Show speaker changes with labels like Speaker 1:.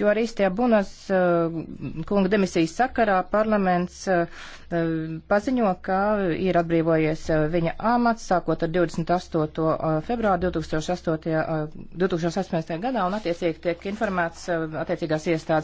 Speaker 1: jo arī Stiebunas eh, kunga demisijas sakarā parlaments eh, paziņo, ka ir atbrīvojies eh, viņa amats sākot ar 28. februāru 2008. 2018. gadā
Speaker 2: un attiecīgi tiek informēts
Speaker 3: attiecīgās iestādes